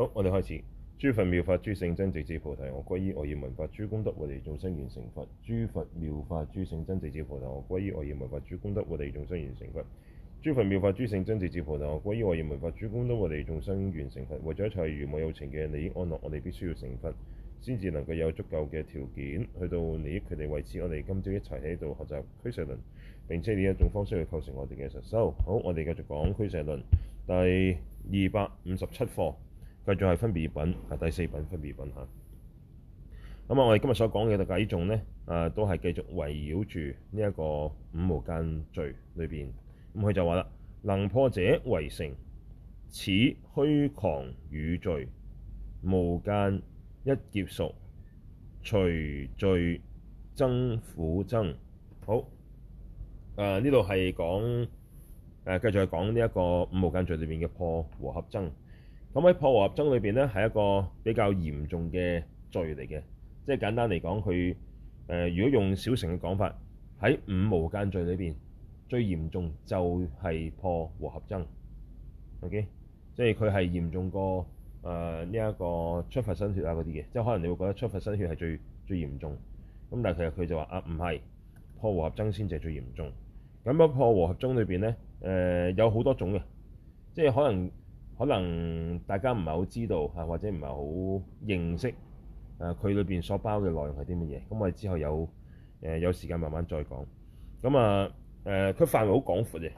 好，我哋開始。諸佛妙法諸，諸聖真智之菩提我，歸以我歸依我業文法。諸功德，我哋眾生完成，成佛。諸佛妙法諸，諸聖真智之菩提，我歸依我業文法。諸功德，我哋眾生完成，成佛。諸佛妙法諸，諸聖真智之菩提，我歸依我業文法。諸功德，我哋眾生完成，成佛。為咗一切如母有情嘅利益安樂，我哋必須要成佛，先至能夠有足夠嘅條件去到利益佢哋。為此，我哋今朝一齊喺度學習俱舍論，並且以一種方式去構成我哋嘅實修。好，我哋繼續講俱舍論第二百五十七課。繼續係分別業品，第四品分別業品嚇。咁啊，我哋今日所講嘅偈頌咧，都係繼續圍繞住呢一個五無間罪裏面。咁佢就話啦：能破者唯成，此虛誑語罪，無間一劫熟，隨罪增苦增。好，誒呢度係講誒繼續係講呢一個五無間罪裏面嘅破和合僧。咁喺破和合僧裏面咧，係一個比較嚴重嘅罪嚟嘅。即係簡單嚟講，佢、呃、如果用小乘嘅講法，喺五無間罪裏面，最嚴重就係破和合僧。OK，即係佢係嚴重過誒呢一個出佛身血啊嗰啲嘅。即，可能你會覺得出佛身血係最最嚴重。咁但係其實佢就話啊，唔係，破和合僧先至係最嚴重。咁喺破和合僧裏面咧、呃，有好多種嘅，即係可能。可能大家唔係好知道或者唔係好認識佢裏、啊、面所包嘅內容係啲乜嘢。咁我哋之後有、呃、有時間慢慢再講。咁啊、呃、佢範圍好廣闊嘅，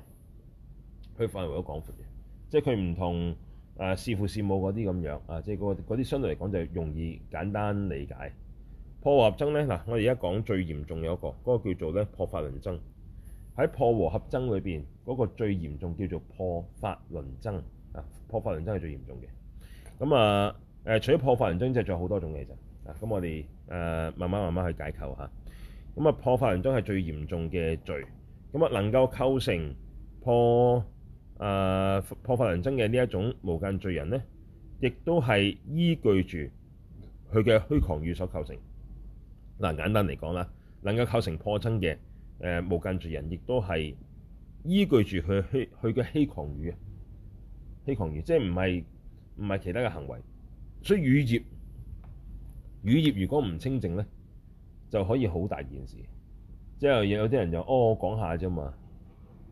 佢範圍好廣闊嘅，即係佢唔同誒弒父弒母嗰啲咁樣啊。即係嗰啲相對嚟講就容易簡單理解破和合僧咧。嗱，我哋而家講最嚴重有一個嗰、嗰個叫做咧破法輪僧，喺破和合僧裏面，嗰、嗰個最嚴重叫做破法輪僧。啊，破法輪僧係最嚴重嘅。咁啊，誒、啊，除咗破法輪僧，就仲有好多種嘅咋啊，咁我哋誒、啊，慢慢慢慢去解構吓。咁啊，破法輪僧係最嚴重嘅罪。咁啊，能夠構成破誒、啊、破法輪僧嘅呢一種無間罪人咧，亦都係依據住佢嘅虛誑語所構成。嗱、啊，簡單嚟講啦，能夠構成破僧嘅誒、啊、無間罪人，亦都係依據住佢虛佢嘅虛誑語。虛誑語即係唔係唔係其他嘅行為，所以語業語業如果唔清淨咧，就可以好大件事。即係有啲人就哦講下啫、呃、嘛，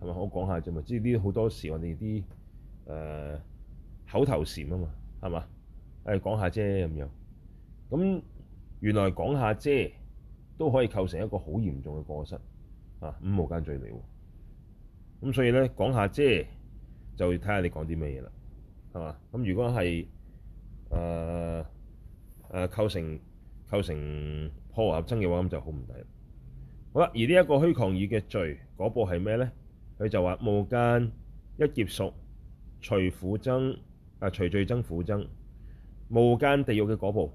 係咪好講下啫嘛？即係啲好多時我哋啲誒口頭禪啊嘛，係嘛？誒講下啫咁樣，咁原來講下啫都可以構成一個好嚴重嘅過失啊，五無間罪孽。咁所以咧，講下啫。就睇下你講啲咩嘢啦，係嘛？咁如果係誒誒構成構成破合僧嘅話，咁就好唔抵。好啦，而呢一個虛誑語嘅罪，果報係咩咧？佢就話無間一劫熟，隨苦增啊，隨罪增苦增，無間地獄嘅果報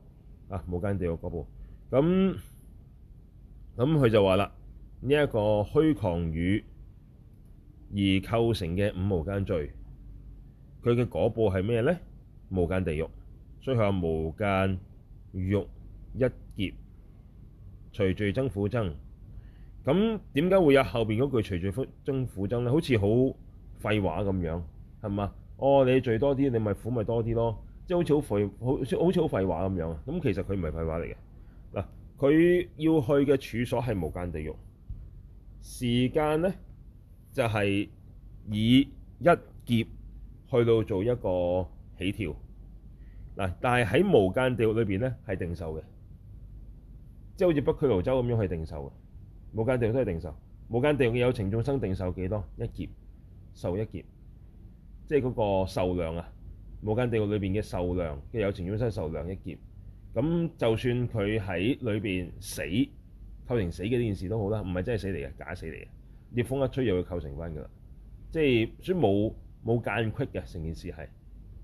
啊，無間地獄果報。咁咁佢就話啦，呢、這、一個虛誑語。而構成嘅五無間罪，佢嘅果報係咩咧？無間地獄，所以佢話無間獄一劫，隨罪增苦增。咁點解會有後面嗰句隨罪增苦增咧？好似好廢話咁樣，係嘛？哦，你罪多啲，你咪苦咪多啲咯，即係好似好廢，好似好似好廢話咁樣。咁其實佢唔係廢話嚟嘅嗱，佢要去嘅處所係無間地獄，時間咧。就係、是、以一劫去到做一個起跳嗱，但係喺無間地獄裏邊咧係定壽嘅，即係好似北俱盧洲咁樣係定壽嘅。無間地獄都係定壽，無間地獄嘅有情眾生定壽幾多？一劫受一劫，即係嗰個壽量啊！無間地獄裏邊嘅壽量嘅有情眾生壽量一劫，咁就算佢喺裏邊死構成死嘅呢件事都好啦，唔係真係死嚟嘅假死嚟嘅。熱風一吹又會構成翻噶啦，即係所以冇冇間隙嘅成件事係，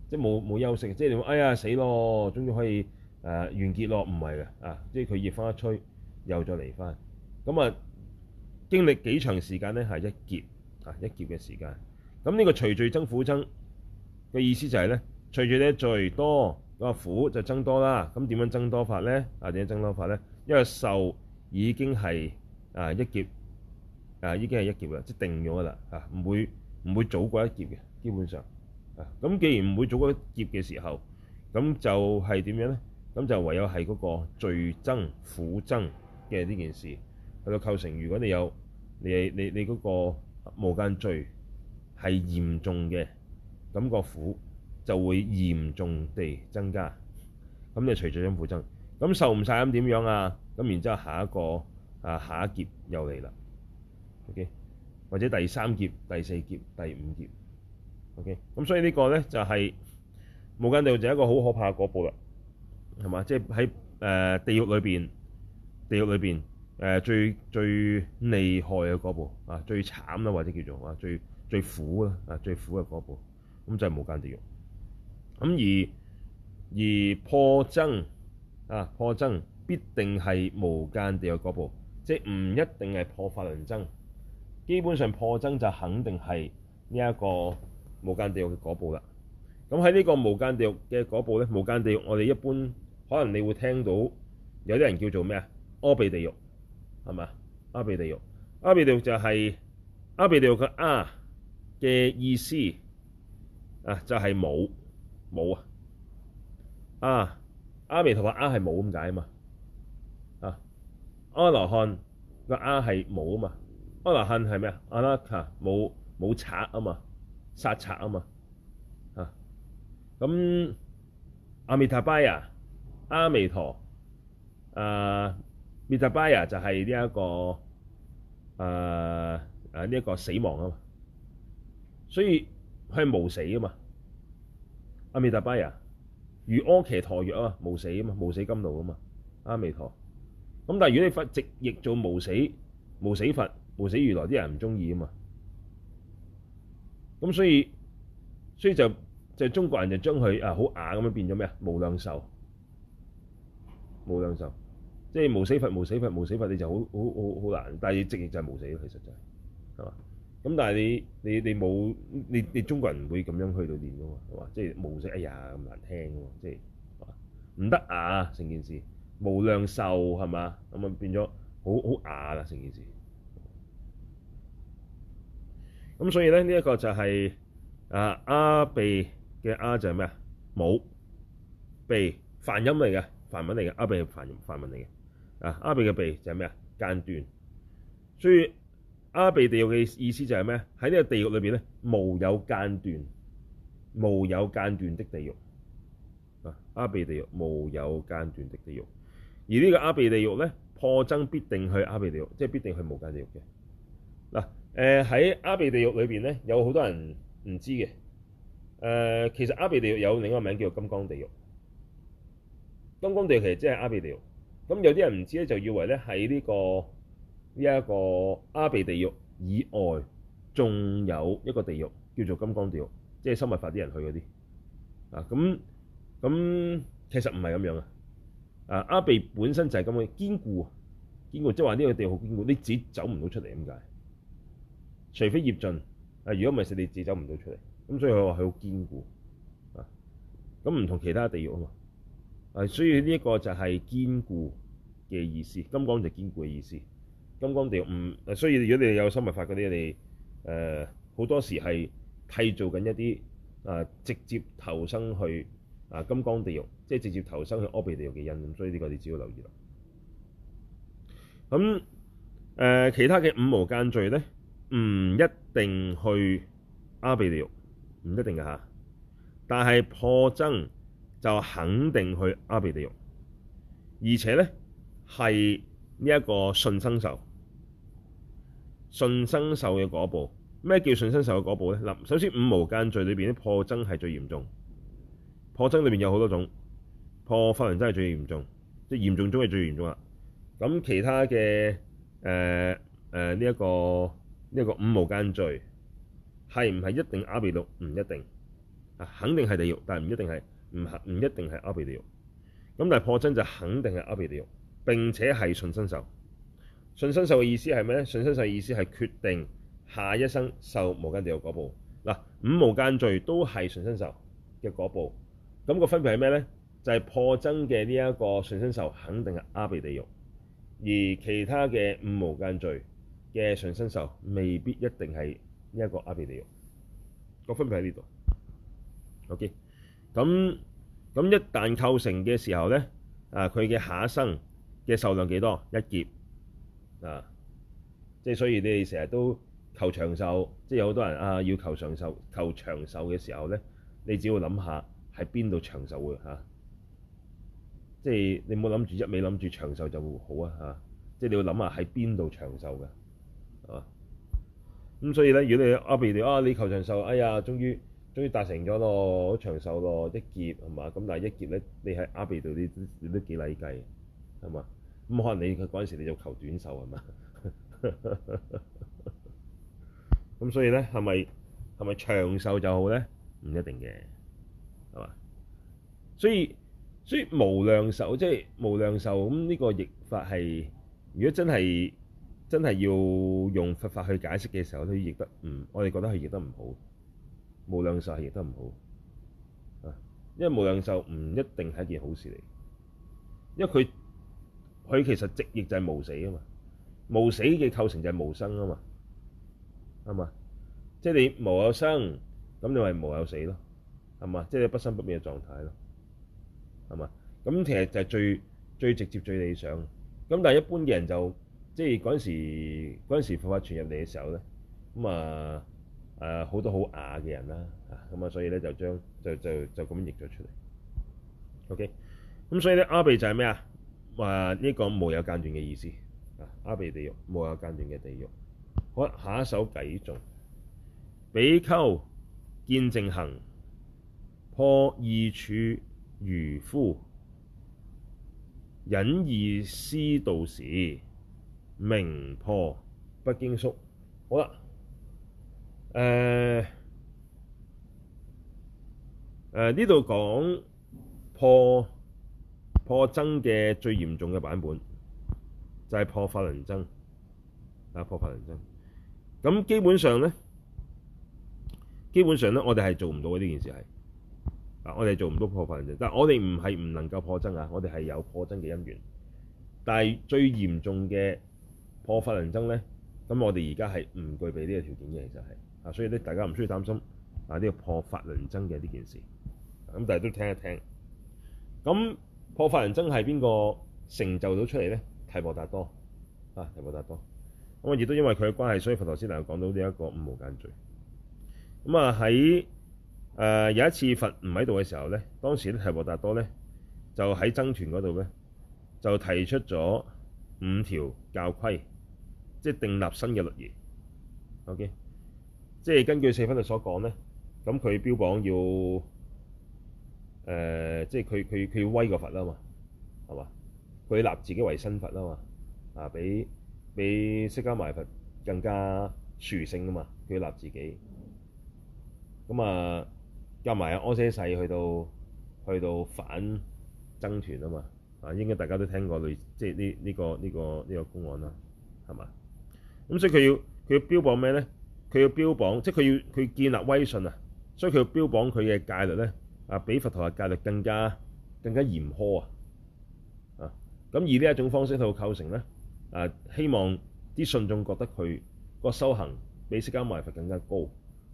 即係冇冇休息。即係你話哎呀死咯，終於可以誒、呃、完結咯，唔係嘅啊，即係佢熱風一吹又再嚟翻。咁啊，經歷幾長時間咧係一劫啊一劫嘅時間。咁呢個隨罪增苦增嘅意思就係咧，隨住咧罪多個苦就增多啦。咁點樣增多法咧？啊點樣增多法咧？因為受已經係啊一劫。啊！已經係一劫啦，即定咗噶啦啊，唔會唔會早過一劫嘅。基本上啊，咁既然唔會早過一劫嘅時候，咁就係點樣咧？咁就唯有係嗰個罪增苦增嘅呢件事去到構成。如果你有你你你嗰個無間罪係嚴重嘅，咁個苦就會嚴重地增加。咁你除咗呢苦增，咁受唔晒咁點樣啊？咁然之後下一個啊下一劫又嚟啦。O.K. 或者第三劫、第四劫、第五劫，O.K. 咁所以呢個咧就係無間地獄，就係一個好可怕嘅嗰步啦，係嘛？即係喺誒地獄裏邊，地獄裏邊誒最最厲害嘅嗰步啊，最慘啦，或者叫做啊最最苦啦啊最苦嘅嗰步，咁就係無間地獄。咁而而破僧啊破僧必定係無間地獄嗰步，即係唔一定係破法輪僧。基本上破僧就肯定係呢一個無間地獄嘅果報啦。咁喺呢個無間地獄嘅果報咧，無間地獄我哋一般可能你會聽到有啲人叫做咩、就是、啊？阿鼻地獄係嘛？阿鼻地獄，阿鼻地獄就係阿鼻地獄個阿嘅意思啊，就係冇冇啊啊！阿彌陀佛阿係冇咁解啊嘛啊！阿羅漢個阿係冇啊嘛。阿拉恨係咩啊？阿拉卡冇冇賊啊嘛，殺賊啊嘛嚇。咁、啊、阿彌陀巴啊，阿彌陀啊，彌陀巴、這個、啊，就係呢一個誒呢一個死亡啊嘛。所以佢係無死啊嘛。阿彌陀巴啊，如安琪陀藥啊，無死啊嘛，無死甘露啊嘛。阿彌陀咁，但係如果你佛直譯做無死無死佛。無死如來啲人唔中意啊嘛，咁所以所以就就中國人就將佢啊好雅咁樣變咗咩啊？無量壽，無量壽，即係無死佛、無死佛、無死佛，你就好好好好難。但係你直譯就係無死咯，其實就係係嘛。咁但係你你你冇你你中國人唔會咁樣去到練㗎喎，係嘛？即係無死，哎呀咁難聽喎，即係係嘛？唔得啊，成件事無量壽係嘛咁啊變咗好好雅啦，成件事。咁所以咧，呢一個就係啊阿鼻嘅阿就係咩啊？無鼻梵音嚟嘅，梵文嚟嘅，阿鼻梵梵文嚟嘅。啊，阿鼻嘅鼻就係咩啊？間斷。所以阿鼻地獄嘅意思就係咩？喺呢個地獄裏邊咧，無有間斷，無有間斷的地獄。啊，um exemplo, 哎、FORE, 阿鼻地獄無有間斷的地獄。而呢個阿鼻地獄咧，破僧必定去阿鼻地獄，即係必定去無間地獄嘅。嗱。誒、呃、喺阿鼻地獄裏邊咧，有好多人唔知嘅。誒、呃，其實阿鼻地獄有另一個名叫做金剛地獄。金剛地獄其實即係阿鼻地獄。咁有啲人唔知咧，就以為咧喺呢個呢一個阿鼻地獄以外，仲有一個地獄叫做金剛地獄，即係修密法啲人去嗰啲。啊，咁咁其實唔係咁樣啊。啊，阿鼻本身就係咁嘅堅固，堅固即係話呢個地獄好堅固，你自己走唔到出嚟咁解。除非業盡啊，如果唔係，地字走唔到出嚟。咁所以佢話佢好堅固啊。咁唔同其他地獄啊嘛啊，所以呢一個就係堅固嘅意思。金剛就係堅固嘅意思。金剛地獄唔啊，所以如果你哋有心密法嗰啲，你誒好、呃、多時係替做緊一啲啊，直接投生去啊金剛地獄，即、就、係、是、直接投生去阿鼻地獄嘅人。咁所以呢個你只要留意啦。咁誒、呃，其他嘅五無間罪咧？唔一定去阿鼻地獄，唔一定嘅吓。但係破僧就肯定去阿鼻地獄，而且咧係呢一個順生受，順生受嘅嗰一步。咩叫順生受嘅嗰一步咧？嗱，首先五無間罪裏邊啲破僧係最嚴重，破僧裏邊有好多種，破法輪僧係最嚴重，即係嚴重中係最嚴重啦。咁其他嘅誒誒呢一個。呢、這、一個五無間罪係唔係一定阿鼻獄？唔一定啊，肯定係地獄，但係唔一定係唔唔一定係阿鼻地獄。咁但係破僧就肯定係阿鼻地獄，並且係順生受。順生受嘅意思係咩咧？順生受嘅意思係決定下一生受無間地獄果報。嗱，五無間罪都係順生受嘅果報。咁、那個分別係咩咧？就係、是、破僧嘅呢一個順生受，肯定係阿鼻地獄，而其他嘅五無間罪。嘅上身壽未必一定係呢一個阿鼻地獄。個分別喺呢度。OK，咁咁一旦構成嘅時候咧，啊佢嘅下生嘅壽量幾多？一劫啊，即係所以你哋成日都求長壽，即係有好多人啊要求長壽，求長壽嘅時候咧，你只要諗下喺邊度長壽喎。即係你冇諗住一味諗住長壽就會好啊吓即係你要諗下喺邊度長壽㗎。啊！咁所以咧，如果你阿鼻啊，你求長壽，哎呀，終於終於達成咗咯，好長壽咯，一劫係嘛？咁但係一劫咧，你喺阿鼻度，你你都幾抵計，係嘛？咁可能你嗰陣時你就求短壽係嘛？咁 所以咧，係咪係咪長壽就好咧？唔一定嘅，係嘛？所以所以無量壽即係無量壽，咁呢個譯法係，如果真係。真係要用佛法去解釋嘅時候，都譯得唔，我哋覺得係譯得唔好。無量壽係譯得唔好啊，因為無量壽唔一定係一件好事嚟，因為佢佢其實直譯就係無死啊嘛，無死嘅構成就係無生啊嘛，係嘛？即係你無有生，咁你咪無有死咯，係嘛？即係你不生不滅嘅狀態咯，係嘛？咁其實就係最最直接、最理想。咁但係一般嘅人就即係嗰陣時，嗰時佛法傳入嚟嘅時候咧，咁啊誒好、啊、多好雅嘅人啦，咁啊，所以咧就將就就就咁樣譯咗出嚟。OK，咁所以咧阿鼻就係咩啊？話、這、呢個冇有間斷嘅意思啊，阿鼻地獄冇有間斷嘅地獄。好，下一首偈仲比丘，見淨行，破異處愚夫，忍異師道時。名破不經宿，好啦，誒誒呢度講破破僧嘅最嚴重嘅版本就係、是、破法輪僧啊！破法輪僧咁基本上咧，基本上咧，我哋係做唔到嘅呢件事係啊，我哋做唔到破法輪僧，但係我哋唔係唔能夠破僧啊，我哋係有破僧嘅因緣，但係最嚴重嘅。破法輪僧咧，咁我哋而家係唔具備呢個條件嘅，其實係啊，所以咧大家唔需要擔心啊呢個破法輪僧嘅呢件事。咁但係都聽一聽。咁破法輪僧係邊個成就到出嚟咧？提婆達多啊，提婆達多。咁啊，亦都因為佢嘅關係，所以佛頭先能夠講到呢一個五無間罪。咁啊，喺、呃、誒有一次佛唔喺度嘅時候咧，當時提婆達多咧就喺僧團嗰度咧就提出咗五條教規。即係定立新嘅律儀，OK。即係根據四分律所講咧，咁佢標榜要誒、呃，即係佢佢佢要威個佛啦嘛，係嘛？佢立自己為新佛啦嘛，啊，比比釋迦埋佛更加殊勝啊嘛，佢立自己。咁啊，加埋阿闍世去到去到反僧團啊嘛，啊，應該大家都聽過即係呢呢個呢個呢個公案啦，係嘛？咁所以佢要佢要標榜咩咧？佢要標榜，即係佢要佢建立威信啊！所以佢要標榜佢嘅戒律咧，啊，比佛陀嘅戒律更加更加嚴苛啊！啊，咁以呢一種方式去構成咧，啊，希望啲信眾覺得佢個修行比釋迦牟尼佛更加高，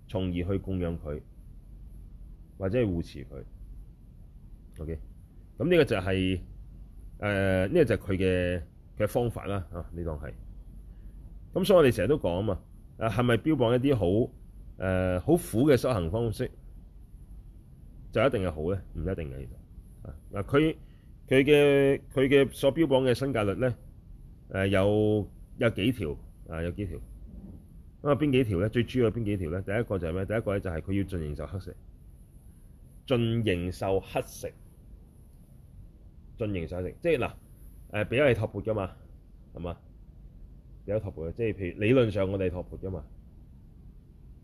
從而去供養佢或者係護持佢。OK，咁呢個就係誒呢個就係佢嘅嘅方法啦。啊，你當係。咁所以我哋成日都講啊嘛，係咪標榜一啲好誒好苦嘅修行方式就一定係好咧？唔一定嘅，其實啊，佢佢嘅佢嘅所標榜嘅新戒律咧，有有幾條啊？有幾條咁啊？邊幾條咧？最主要邊幾條咧？第一個就係咩？第一個咧就係佢要盡形壽乞食，盡形壽乞食，盡形壽乞食，即係嗱、呃、比較係托缽噶嘛，係嘛？有托缽嘅，即係譬如理論上我哋托缽噶嘛。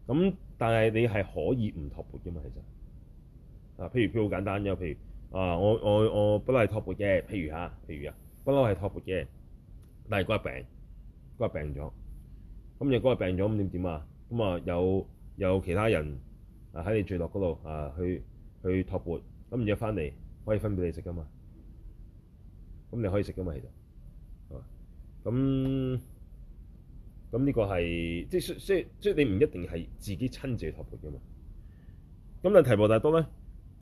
咁但係你係可以唔托缽噶嘛？其實啊，譬如比好簡單有譬如啊，我我我不嬲係托缽嘅。譬如嚇，譬如啊，不嬲係托缽嘅。但係嗰個病嗰個病咗，咁你嗰日病咗咁點點啊？咁啊有有其他人啊喺你墜落嗰度啊去去托缽咁，然後翻嚟可以分俾你食噶嘛？咁你可以食噶嘛？其實咁。咁呢個係即係即係即你唔一定係自己親自去託盤㗎嘛。咁但提婆達多咧，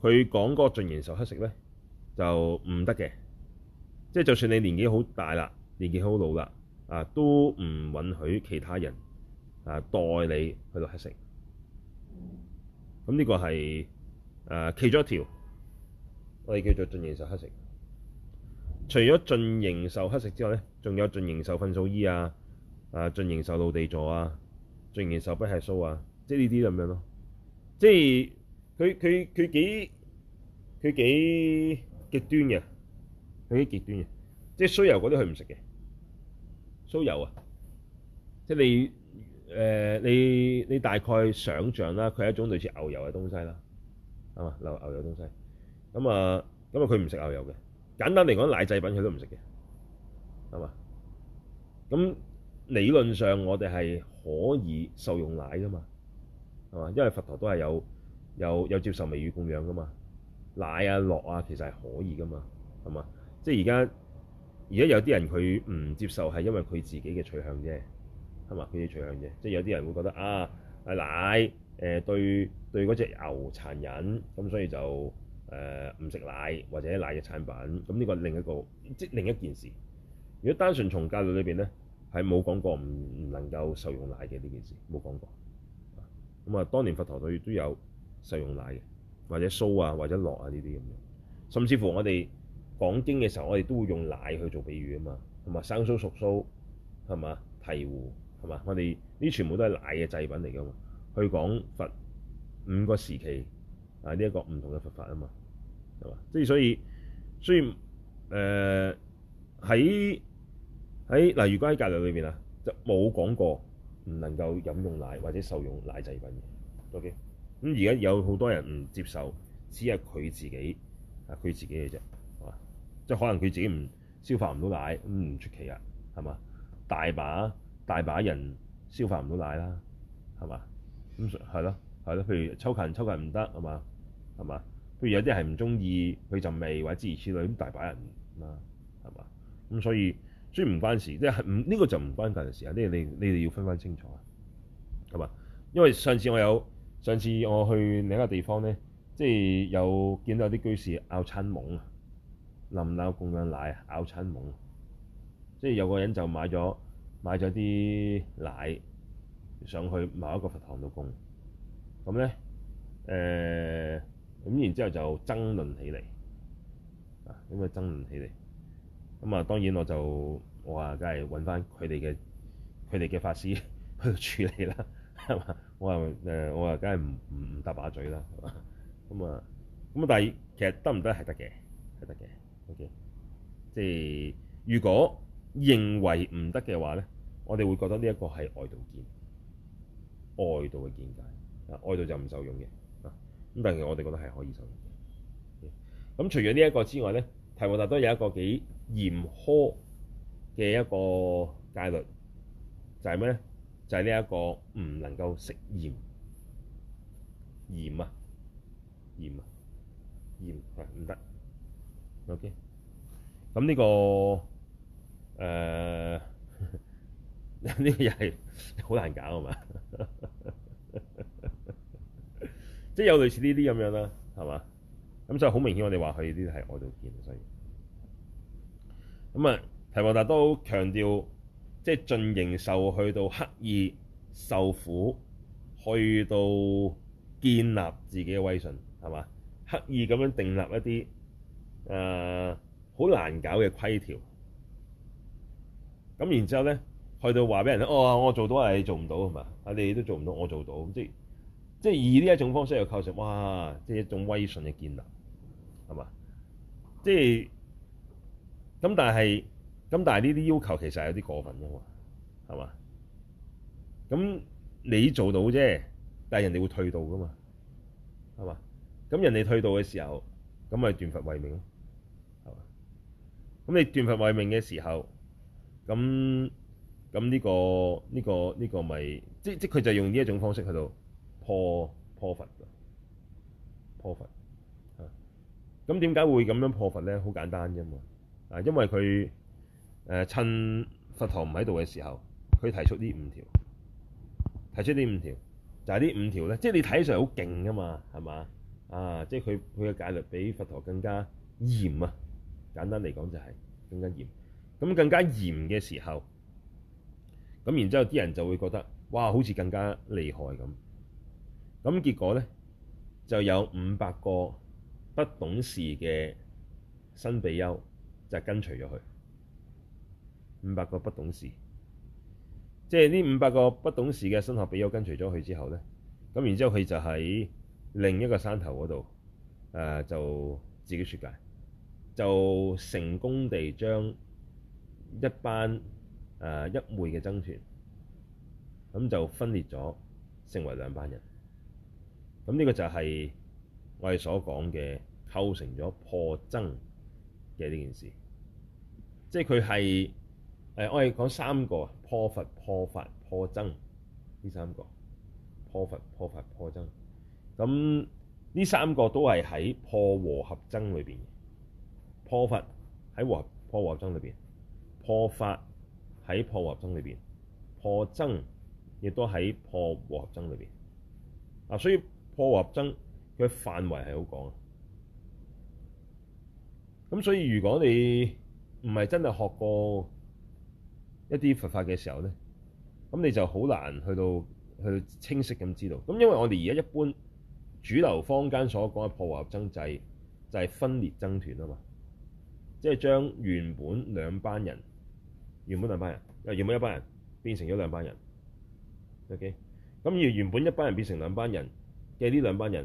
佢講嗰個盡形壽乞食咧就唔得嘅，即係就算你年紀好大啦、年紀好老啦啊，都唔允許其他人啊代你去到乞食。咁呢個係、啊、其中一條，我哋叫做盡形壽乞食。除咗盡形壽乞食之外咧，仲有盡形壽糞掃衣啊。誒、啊，盡形壽露地坐啊，盡形壽不係酥啊，即係呢啲咁樣咯。即係佢佢佢幾佢幾極端嘅，佢幾極端嘅。即係酥油嗰啲佢唔食嘅，酥油啊，即係你誒、呃、你你大概想像啦，佢係一種類似牛油嘅東西啦，係嘛，牛油嘅東西，咁，咁佢唔食牛油東西咁啊，咁啊，佢唔食牛油嘅。簡單嚟講，奶製品佢都唔食嘅，係嘛咁。理論上，我哋係可以受用奶噶嘛，係嘛？因為佛陀都係有有有接受未乳供養噶嘛，奶啊、酪啊，其實係可以噶嘛，係嘛？即係而家而家有啲人佢唔接受係因為佢自己嘅取向啫，係嘛？佢嘅取向啫，即係有啲人會覺得啊，啊奶誒、呃、對對嗰隻牛殘忍，咁所以就誒唔食奶或者奶嘅產品。咁呢個係另一個即係另一件事。如果單純從教理裏邊咧。係冇講過，唔唔能夠受用奶嘅呢件事，冇講過。咁啊，當年佛陀對都有受用奶嘅，或者酥啊，或者酪啊呢啲咁樣。甚至乎我哋講經嘅時候，我哋都會用奶去做比喻啊嘛，同埋生酥熟酥係嘛？醍醐係嘛？我哋呢全部都係奶嘅製品嚟噶嘛，去講佛五個時期啊呢一個唔同嘅佛法啊嘛。係嘛？即係所以，雖然誒喺。呃在喺例如，如果喺隔離裏邊啊，就冇講過唔能夠飲用奶或者受用奶製品嘅。OK，咁而家有好多人唔接受，只係佢自己啊，佢自己嘅啫。啊，即係可能佢自己唔消化唔到奶咁唔出奇啊，係嘛？大把大把人消化唔到奶啦，係嘛？咁係咯，係咯，譬如抽筋，抽筋唔得係嘛，係嘛？譬如有啲係唔中意佢陣味或者之類之類，咁大把人啦係嘛？咁所以。所以唔關事，即係唔呢個就唔關大嘅事啊！呢啲你你哋要分翻清楚啊，係嘛？因為上次我有上次我去另一個地方咧，即係有見到有啲居士拗餐懵啊，淋漏供養奶啊，拗親懵。即係有個人就買咗買咗啲奶上去某一個佛堂度供，咁咧誒咁然之後就爭論起嚟啊！咁啊爭論起嚟。咁啊，當然我就我話，梗係揾翻佢哋嘅佢哋嘅法師去處理啦。係嘛，我話誒，我話梗係唔唔搭把嘴啦。係嘛，咁啊，咁啊，但係其實得唔得係得嘅，係得嘅。O.K.，即係如果認為唔得嘅話咧，我哋會覺得呢一個係外道見，外道嘅見解啊，外道就唔受用嘅啊。咁但係我哋覺得係可以受用嘅。咁、okay? 除咗呢一個之外咧，提婆達多有一個幾嚴苛嘅一個戒律就係咩咧？就係呢一個唔能夠食鹽，鹽啊，鹽啊，鹽唔得。OK，咁呢、呢個誒呢個又係好難搞啊嘛，即 係有類似呢啲咁樣啦，係嘛？咁所以好明顯我，我哋話佢呢啲係外道見。咁啊，提婆達多強調，即係盡形壽去到刻意受苦，去到建立自己嘅威信，係嘛？刻意咁樣訂立一啲誒好難搞嘅規條，咁然之後咧，去到話俾人聽、哦，我做到，你做唔到，係嘛？你都做唔到，我做到，即係即係以呢一種方式去構成，哇！即係一種威信嘅建立，係嘛？即係。咁但係，咁但係呢啲要求其實係有啲過分噶嘛，係嘛？咁你做到啫，但係人哋會退道噶嘛，係嘛？咁人哋退道嘅時候，咁咪斷佛慧命咯，係嘛？咁你斷佛慧命嘅時候，咁咁呢個呢、呢個呢、呢個咪即即佢就用呢一種方式喺度破破佛破佛嚇。咁點解會咁樣破佛咧？好簡單啫嘛。啊，因為佢誒、呃、趁佛陀唔喺度嘅時候，佢提出呢五條，提出呢五條就係、是、呢五條咧。即、就、係、是、你睇上嚟好勁噶嘛，係嘛啊？即係佢佢嘅戒律比佛陀更加嚴啊。簡單嚟講就係、是、更加嚴。咁更加嚴嘅時候，咁然之後啲人就會覺得哇，好似更加厲害咁。咁結果咧就有五百個不懂事嘅新比丘。就是、跟隨咗佢五百個不懂事，即係呢五百個不懂事嘅新學比丘跟隨咗佢之後咧，咁然之後佢就喺另一個山頭嗰度，就自己説戒，就成功地將一班一會嘅僧團，咁就分裂咗，成為兩班人。咁、這、呢個就係我哋所講嘅構成咗破僧嘅呢件事。即係佢係誒，我哋講三個破佛、破法、破僧。呢三個破佛、破法、破僧。咁呢三個都係喺破和合僧裏邊。破佛喺和破和合僧裏邊，破法喺破和合僧裏邊，破僧亦都喺破和合僧裏邊。嗱，所以破和合僧嘅範圍係好廣啊。咁所以如果你唔係真係學過一啲佛法嘅時候咧，咁你就好難去到去清晰咁知道。咁因為我哋而家一般主流坊間所講嘅破和合僧制，就係，就係，是，分裂僧團啊嘛，即係將原本兩班人、原本兩班人、又原本一班人變成咗兩班人。O K，咁而原本一班人變成兩班人嘅呢兩班人，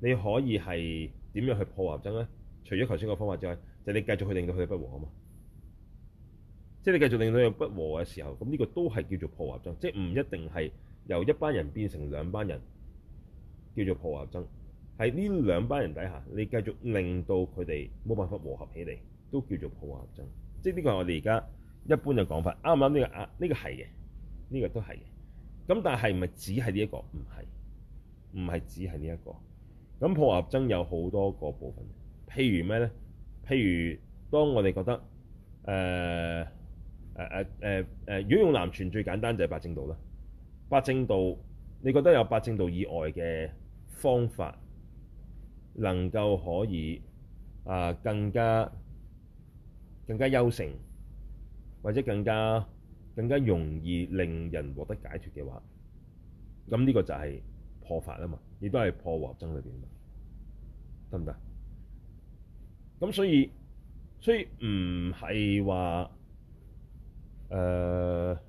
你可以係點樣去破和合僧咧？除咗頭先個方法之外，就係，你繼續去令到佢哋不和啊嘛。即係你繼續令到有不和嘅時候，咁呢個都係叫做破和合僧。即係唔一定係由一班人變成兩班人，叫做破和合僧。喺呢兩班人底下，你繼續令到佢哋冇辦法和合起嚟，都叫做破和合僧。即係呢個係我哋而家一般嘅講法啱唔啱？呢個啊，呢個係嘅，呢個都係嘅。咁但係唔係只係呢一個？唔係，唔係只係呢一個。咁破和合僧有好多個部分，譬如咩咧？譬如當我哋覺得誒。呃誒誒誒，如果用南傳最簡單就係八正道啦。八正道，你覺得有八正道以外嘅方法能夠可以啊更加更加優勝，或者更加更加容易令人獲得解脱嘅話，咁呢個就係破法啊嘛，亦都係破和合僧裏邊啊，得唔得？咁所以所以唔係話。誒、呃、誒、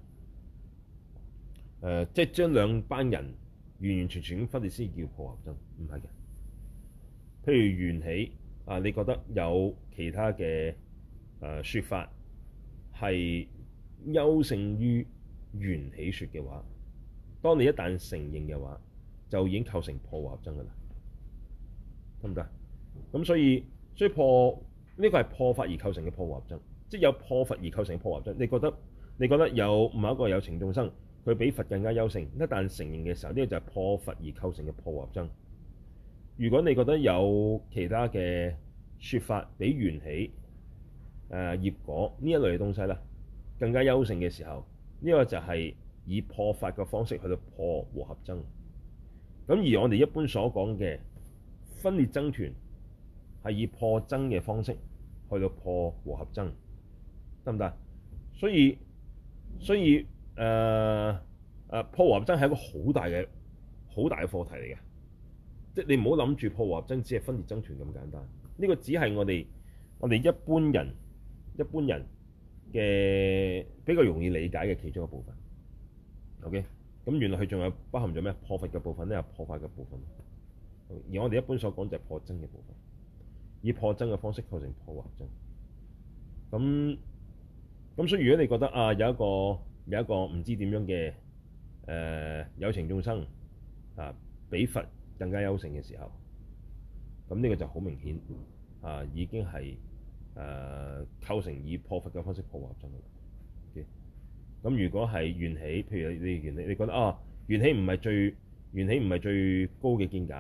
呃，即係將兩班人完完全全咁分裂先叫破和合僧，唔係嘅。譬如緣起啊，你覺得有其他嘅誒説法係優勝於緣起説嘅話，當你一旦承認嘅話，就已經構成破和合僧㗎喇，得唔得？咁所以所以破呢、呢個係破法而構成嘅破和合僧，即係有破法而構成嘅破和合僧，你覺得？你覺得有某一個有情眾生，佢比佛更加優勝，一旦承認嘅時候，呢個就係破佛而構成嘅破合僧。如果你覺得有其他嘅說法，比緣起、誒、呃、業果呢一類嘅東西啦，更加優勝嘅時候，呢、這個就係以破法嘅方式去到破和合僧。咁而我哋一般所講嘅分裂僧團，係以破僧嘅方式去到破和合僧，得唔得？所以。所以誒誒、啊啊、破和僧係一個好大嘅好大嘅課題嚟嘅，即係你唔好諗住破和僧只係分裂僧團咁簡單，呢、這個只係我哋我哋一般人一般人嘅比較容易理解嘅其中一部分。OK，咁原來佢仲有包含咗咩破法嘅部分咧？有破法嘅部分，而我哋一般所講就係破僧嘅部分，以破僧嘅方式構成破和僧。咁咁所以如果你覺得啊有一個有一個唔知點樣嘅誒、呃、有情眾生啊比佛更加優勝嘅時候，咁呢個就好明顯啊已經係誒、啊、構成以破佛嘅方式破壞咗嘅。咁、okay? 如果係緣起，譬如你緣起，你覺得啊緣起唔係最緣起唔係最高嘅見解，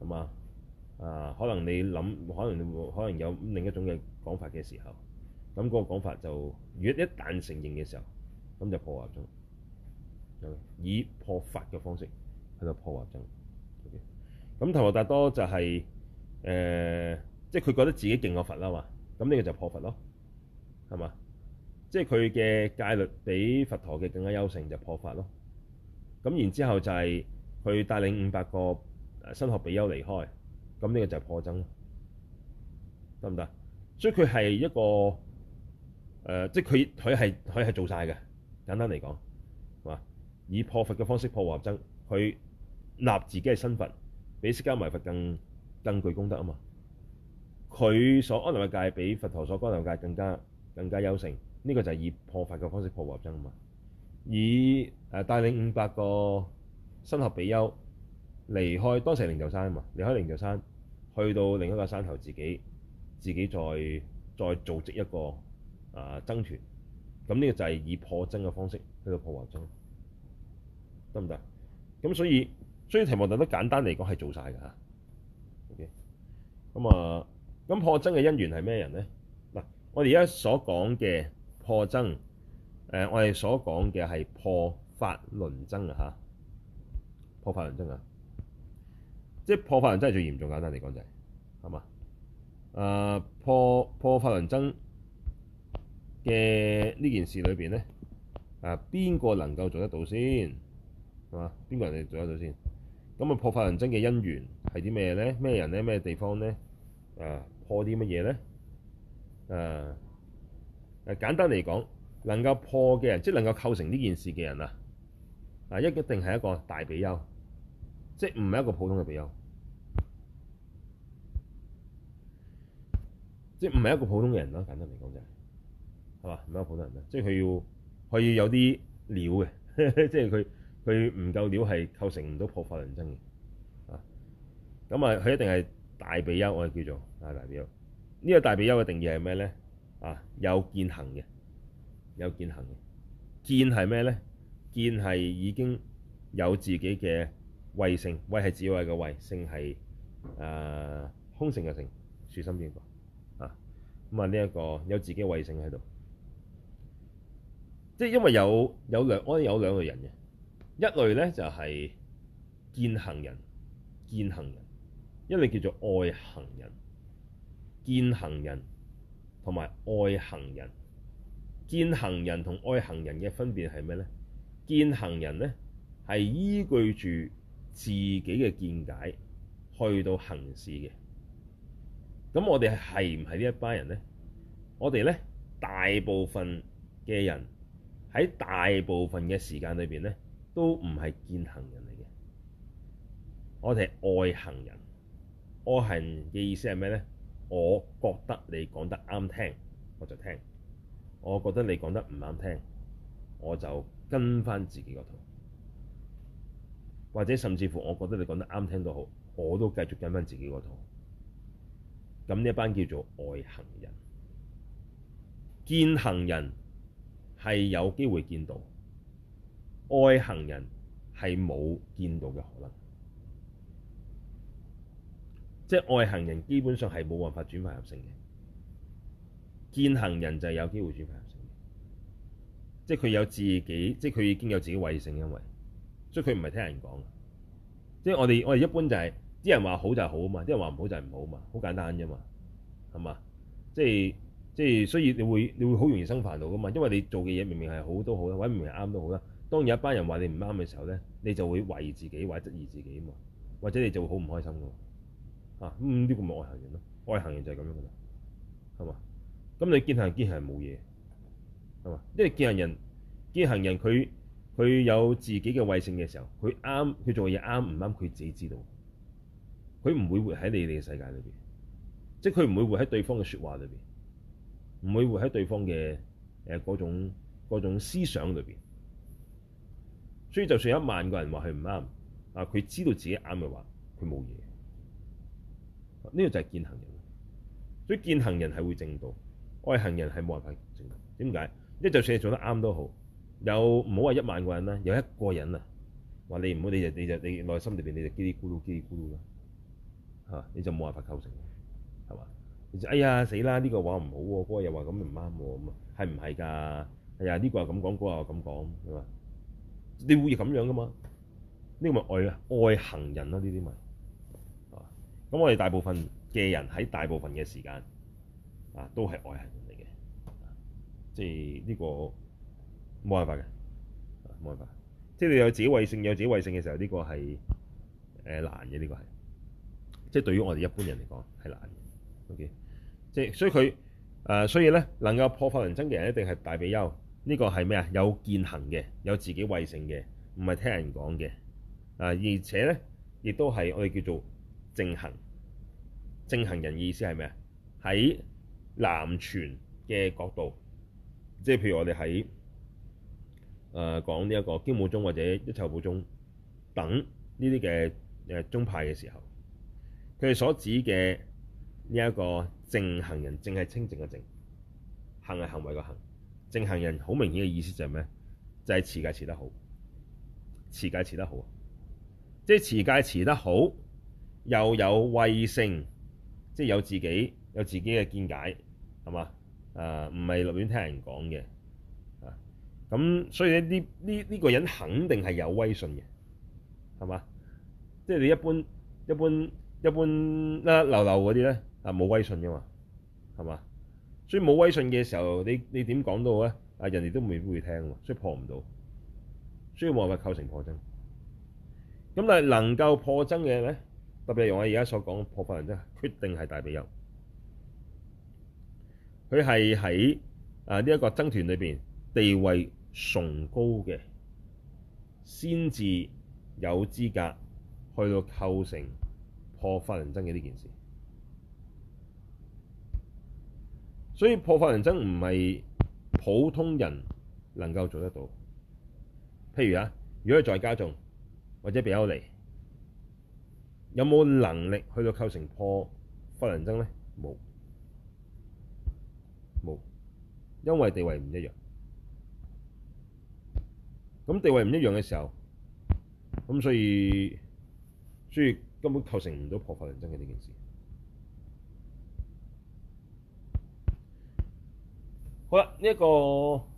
咁啊啊可能你諗可能你可能有另一種嘅講法嘅時候。咁、那個個講法就，如果一旦承認嘅時候，咁就破壞咗。以破法嘅方式喺度破壞咗。咁、OK? 提婆達多就係即係佢覺得自己勁過佛啦嘛。咁呢個就破佛咯，係嘛？即係佢嘅戒律比佛陀嘅更加優勝，就是、破法咯。咁然之後就係佢帶領五百個新學比丘離開，咁呢個就破僧咯，得唔得？所以佢係一個。誒、呃，即係佢，佢係佢係做晒嘅。簡單嚟講，話以破佛嘅方式破和合僧，佢立自己嘅身份比釋迦牟尼佛更更具功德啊嘛。佢所安立嘅戒比佛陀所安立嘅戒更加更加優勝。呢、這個就係以破佛嘅方式破和合僧啊嘛。以誒、呃、帶領五百個新學比丘離開當時嘅靈鷲山啊嘛，離開靈鷲山去到另一個山頭自己，自己自己再再組織一個。啊，爭權，咁呢個就係以破僧嘅方式去到、這個、破壞僧，得唔得？咁所以，所以題目特登簡單嚟講係做晒嘅吓。O K，咁啊，咁破僧嘅因緣係咩人咧？嗱，我哋而家所講嘅破僧，誒、呃，我哋所講嘅係破法輪僧吓、啊，破法輪僧啊，即係破法輪僧係最嚴重，簡單嚟講就係，係嘛？誒、啊，破破法輪僧。嘅呢件事裏邊咧，啊，邊個能夠做得到先？係、啊、嘛？邊個人嚟做得到先？咁啊，破法輪僧嘅因緣係啲咩咧？咩人咧？咩地方咧？啊，破啲乜嘢咧？啊，誒簡單嚟講，能夠破嘅人，即係能夠構成呢件事嘅人啊，啊，一定係一個大比丘，即係唔係一個普通嘅比丘，即係唔係一個普通嘅人咯。簡單嚟講就係。係嘛？唔係普通人啦，即係佢要佢要有啲料嘅，即係佢佢唔夠料係構成唔到破法輪僧嘅啊。咁啊，佢一定係大比丘。我哋叫做啊大比丘。呢個大比丘嘅定義係咩咧？啊，有見行嘅，有見行嘅見係咩咧？見係已經有自己嘅慧性，慧係智慧嘅慧，性係誒空性嘅性，豎心邊個啊？咁啊，呢一個有自己慧性喺度。即係因為有有兩安有兩類人嘅，一類咧就係見行人，見行人，一類叫做愛行人，見行人同埋愛行人，見行人同愛行人嘅分別係咩咧？見行人咧係依據住自己嘅見解去到行事嘅。咁我哋係唔係呢一班人咧？我哋咧大部分嘅人。喺大部分嘅時間裏邊咧，都唔係見行人嚟嘅。我哋愛行人，愛行嘅意思係咩咧？我覺得你講得啱聽，我就聽；我覺得你講得唔啱聽，我就跟翻自己個途。或者甚至乎，我覺得你講得啱聽都好，我都繼續跟翻自己個途。咁呢一班叫做愛行人，見行人。係有機會見到，愛行人係冇見到嘅可能。即係愛行人基本上係冇辦法轉化入性嘅，見行人就係有機會轉化入性嘅。即係佢有自己，即係佢已經有自己慧性，因為所以佢唔係聽人講，即係我哋我哋一般就係、是、啲人話好就係好啊嘛，啲人話唔好就係唔好啊嘛，好簡單啫嘛，係嘛，即係。即係，所以你會你會好容易生煩惱噶嘛。因為你做嘅嘢明明係好都好啦，或者唔明啱都好啦。當有一班人話你唔啱嘅時候咧，你就會懷疑自己，或質疑自己啊嘛，或者你就會好唔開心噶喎。呢個咪愛行人咯？愛行人就係咁樣噶啦，係嘛？咁你見行人見行人冇嘢係嘛？因為見行人見行人佢佢有自己嘅慧性嘅時候，佢啱佢做嘅嘢啱唔啱，佢自己知道。佢唔會活喺你哋嘅世界裏邊，即係佢唔會活喺對方嘅説話裏邊。唔會活喺對方嘅誒嗰種嗰種思想裏邊，所以就算有一萬個人話佢唔啱，啊佢知道自己啱嘅話，佢冇嘢。呢個就係見行人，所以見行人係會正道，愛行人係冇辦法正道。道。點解？一就算你做得啱都好，有唔好話一萬個人啦，有一個人啊話你唔好，你就你就你內心裏邊你就嘀嘀咕咕、嘀嘀咕咕啦，嚇你就冇辦法構成，係嘛？哎呀，死啦！呢、這個話唔好喎，嗰個又話咁唔啱喎，咁啊，係唔係㗎？哎呀，呢個又咁講，嗰個、這個、又咁講，你會咁樣噶嘛？呢、這個咪愛愛行人咯，呢啲咪啊，咁、啊、我哋大部分嘅人喺大部分嘅時間啊，都係愛行人嚟嘅，即係呢個冇辦法嘅，冇、啊、辦法。即係你有自己慧性，有自己慧性嘅時候，呢、這個係誒、呃、難嘅，呢、這個係即係對於我哋一般人嚟講係難嘅。O.K. 即係所以佢誒，所以咧、呃、能夠破法輪僧嘅人一定係大比丘。呢、這個係咩啊？有見行嘅，有自己慧性嘅，唔係聽人講嘅啊。而且咧，亦都係我哋叫做淨行淨行人。意思係咩啊？喺南傳嘅角度，即係譬如我哋喺誒講呢一個經部宗或者一切有部宗等呢啲嘅誒宗派嘅時候，佢哋所指嘅。呢一個淨行人，淨係清淨嘅淨，行係行為嘅行。淨行人好明顯嘅意思就係咩？就係持戒持得好，持戒持得好即係持戒持得好，又有威信，即係有自己有自己嘅見解，係嘛、呃？啊，唔係立亂聽人講嘅啊！咁所以呢啲呢呢個人肯定係有威信嘅，係嘛？即係你一般一般一般啦、啊、流流嗰啲咧。啊！冇威信噶嘛，係嘛？所以冇威信嘅時候，你你點講都好咧，啊，人哋都未必會聽喎，所以破唔到，所以冇辦法構成破僧。咁但係能夠破僧嘅咧，特別係用我而家所講破法輪僧，決定係大比丘，佢係喺啊呢一個僧團裏邊地位崇高嘅，先至有資格去到構成破法輪僧嘅呢件事。所以破法輪僧唔係普通人能夠做得到。譬如啊，如果你在家中或者比丘尼，有冇能力去到構成破法輪僧呢？冇，冇，因為地位唔一樣。咁地位唔一樣嘅時候，咁所以所以根本構成唔到破法輪僧嘅呢件事。好啦，呢、這、一個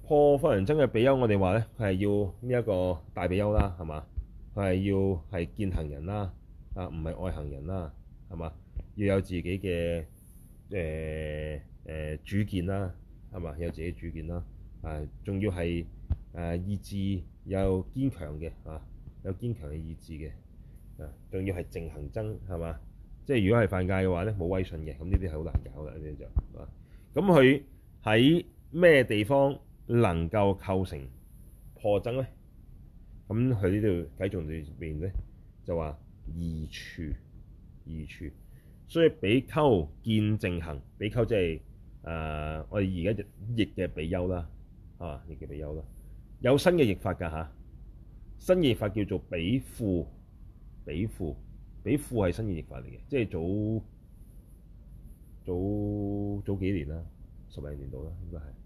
破法輪僧嘅比丘，我哋話咧，佢係要呢一個大比丘啦，係嘛？佢係要係見行人啦，啊，唔係愛行人啦，係嘛？要有自己嘅誒、呃呃、主見啦，係嘛？有自己主見啦，啊，仲要係意志有堅強嘅，啊，有堅強嘅意志嘅，啊，仲要係淨行僧，係嘛？即係如果係犯戒嘅話咧，冇威信嘅，咁呢啲係好難搞嘅呢啲就，啊，咁佢喺。咩地方能夠構成破僧咧？咁佢呢度《啟宗論》入面咧就話異處、異處，所以苾芻見淨行。苾芻即係誒我哋而家譯嘅比丘啦，啊，譯嘅比丘啦，有新嘅譯法㗎嚇、啊，新嘅譯法叫做比庫，比庫、比庫係新嘅譯法嚟嘅，即係早早早幾年啦，十零年度啦，應該係。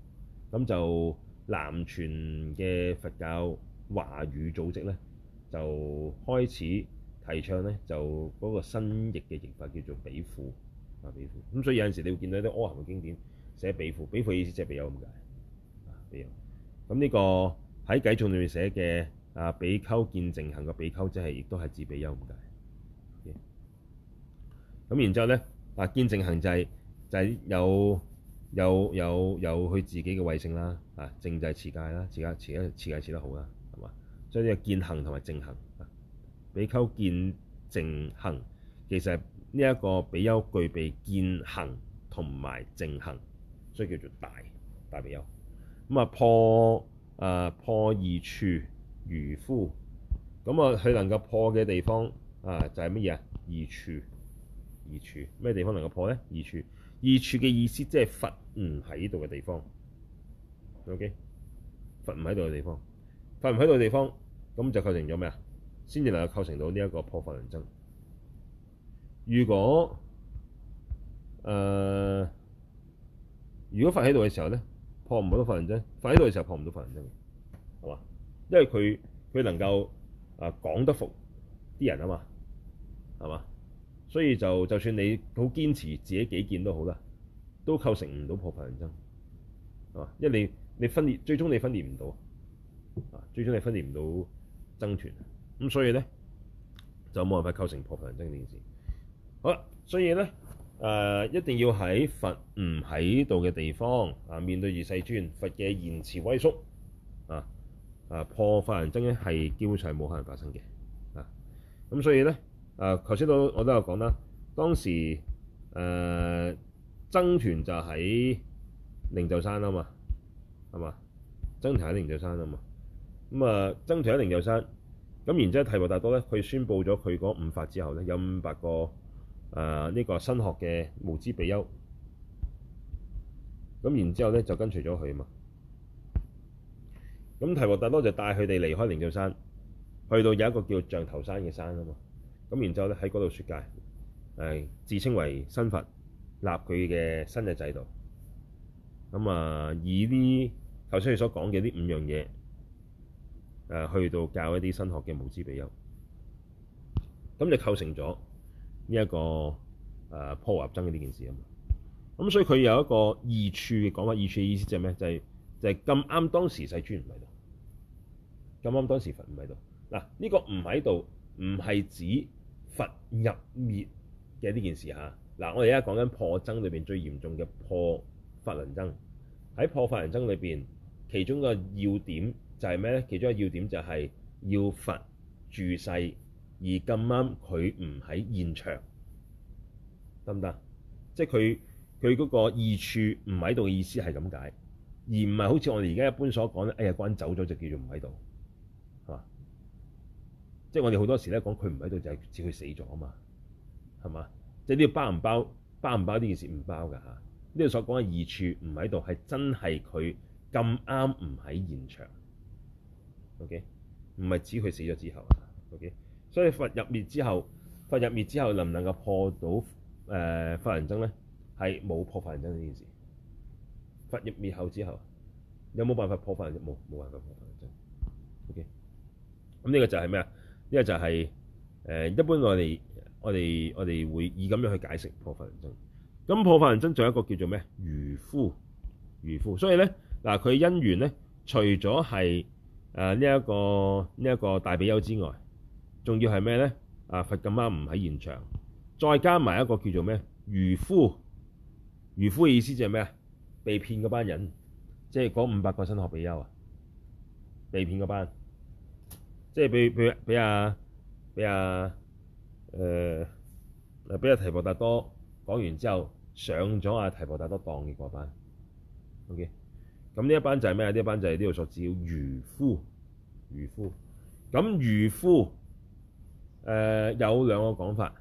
咁就南傳嘅佛教華語組織咧，就開始提倡咧，就嗰個新譯嘅譯法叫做比庫啊，比庫。咁所以有陣時你會見到啲阿含嘅經典寫比庫，比庫意思即係比丘咁解啊，比丘。咁呢個喺偈頌裏面寫嘅啊苾芻見淨行嘅苾芻，即係亦都係指比丘咁解。咁然之後咧啊，見淨行就係、是、就係、是、有。有有有佢自己嘅慧性啦，啊，淨就係持戒啦，持戒持得持戒持得好啦，係嘛？所以呢個見行同埋淨行啊，比丘見淨行其實呢一個比丘具備見行同埋淨行，所以叫做大大比丘。咁啊破啊破異處愚夫，咁啊佢能夠破嘅地方啊就係乜嘢啊？異處異處咩地方能夠破咧？異處。異處嘅意思即係佛唔喺度嘅地方，OK？佛唔喺度嘅地方，佛唔喺度嘅地方，咁就構成咗咩啊？先至能夠構成到呢一個破法輪僧。如果誒、呃，如果佛喺度嘅時候咧，破唔到法輪僧；佛喺度嘅時候破唔到法輪僧，係嘛？因為佢佢能夠誒、呃、講得服啲人啊嘛，係嘛？是吧。所以就就算你好堅持自己己見都好啦，都構成唔到破法輪僧，啊！一你你分裂，最終你分裂唔到，啊！最終你分裂唔到僧團，咁所以咧就冇辦法構成破法輪僧呢件事。好啦，所以咧誒、呃、一定要喺佛唔喺度嘅地方啊，面對二世尊，佛嘅言詞威肅啊，啊破法輪僧咧係基本上係冇可能發生嘅啊，咁所以咧。誒頭先都我都有講啦。當時誒僧、呃、團就喺靈鷲山啊嘛，係嘛？僧團喺靈鷲山啊嘛。咁啊，僧團喺靈鷲山，咁然之後提婆達多咧，佢宣佈咗佢嗰五法之後咧，有五百個誒呢、呃這個新學嘅無知比丘。咁然之後咧就跟隨咗佢啊嘛。咁提婆達多就帶佢哋離開靈鷲山，去到有一個叫象頭山嘅山啊嘛。咁然之後咧喺嗰度說戒，自稱為新佛，立佢嘅新嘅制度。咁啊，以呢頭先佢所講嘅呢五樣嘢，去到教一啲新學嘅無知比丘。咁就構成咗呢一個誒、啊、破合僧嘅呢件事啊嘛。咁所以佢有一個異處嘅講法，異處嘅意思就係咩？就係、是、就係咁啱當時世尊唔喺度，咁啱當時佛唔喺度。嗱、這、呢個唔喺度，唔係指。佛入滅嘅呢件事嚇，嗱我哋而家講緊破僧裏邊最嚴重嘅破，破法輪僧。喺破法輪僧裏邊，其中個要點就係咩咧？其中一個要點就係要佛住世，而咁啱佢唔喺現場，得唔得？即係佢佢嗰個異處唔喺度嘅意思係咁解，而唔係好似我哋而家一般所講咧，哎呀，關走咗就叫做唔喺度。即係我哋好多時咧講，佢唔喺度就係指佢死咗啊嘛，係嘛？即係呢度包唔包包唔包呢件事，唔包㗎。呢度所講嘅異處唔喺度係真係佢咁啱唔喺現場。OK，唔係指佢死咗之後啊。OK，所以佛入滅之後，佛入滅之後能唔能夠破到誒法、呃、輪僧咧？係冇破法輪僧呢件事。佛入滅後之後有冇辦法破法輪僧？冇冇辦法破法輪僧。OK，咁呢個就係咩啊？呢個就係、是、誒、呃，一般我哋我哋我哋會以咁樣去解釋破法輪僧。咁破法輪僧仲有一個叫做咩？愚夫，愚夫。所以咧，嗱佢因緣咧，除咗係誒呢一個呢一、這個大比丘之外，仲要係咩咧？啊，佛咁啱唔喺現場，再加埋一個叫做咩？愚夫，愚夫嘅意思就係咩啊？被騙嗰班人，即係嗰五百個新學比丘啊，被騙嗰班。即係比俾俾阿俾阿誒俾阿提婆達多講完之後，上咗阿提婆達多當嘅嗰班，OK。咁呢一班就係咩啊？呢一班就係呢度所指愚夫。愚夫咁愚夫誒、呃、有兩個講法，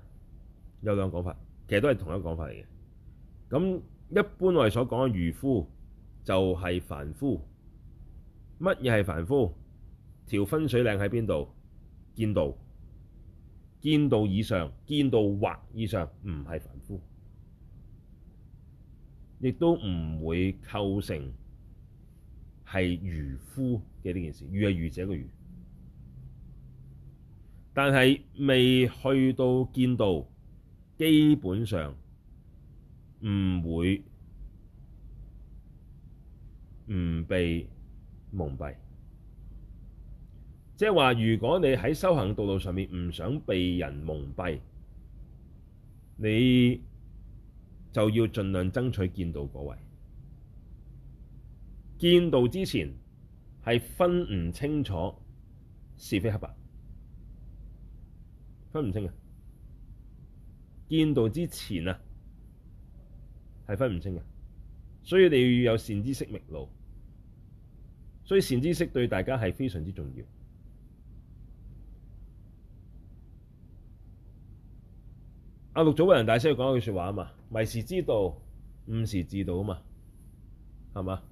有兩個講法，其實都係同一個講法嚟嘅。咁一般我哋所講嘅愚夫就係凡夫。乜嘢係凡夫？條分水嶺喺邊度？見道，見道以上、見道或以上，唔係凡夫，亦都唔會構成係愚夫嘅呢件事。愚係愚者嘅愚，但係未去到見道，基本上唔會唔被蒙蔽。即係話，如果你喺修行道路上面唔想被人蒙蔽，你就要盡量爭取見道嗰位。見道之前係分唔清楚是非黑白，分唔清嘅。見道之前啊，係分唔清嘅，所以你要有善知識明路，所以善知識對大家係非常之重要。阿六祖嘅人大聲講一句說話啊嘛，迷時師度，悟時自度啊嘛，係嘛？